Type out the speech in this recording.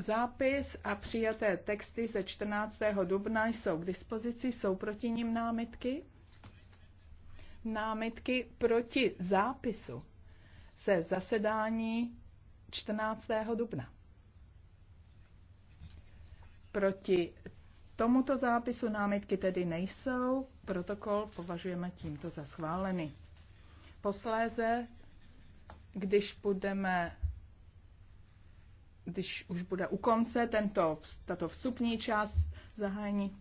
Zápis a přijaté texty ze 14. dubna jsou k dispozici, jsou proti ním námitky? Námitky proti zápisu se zasedání 14. dubna. Proti tomuto zápisu námitky tedy nejsou, protokol považujeme tímto za schválený. Posléze, když budeme když už bude u konce tento, tato vstupní část zahájení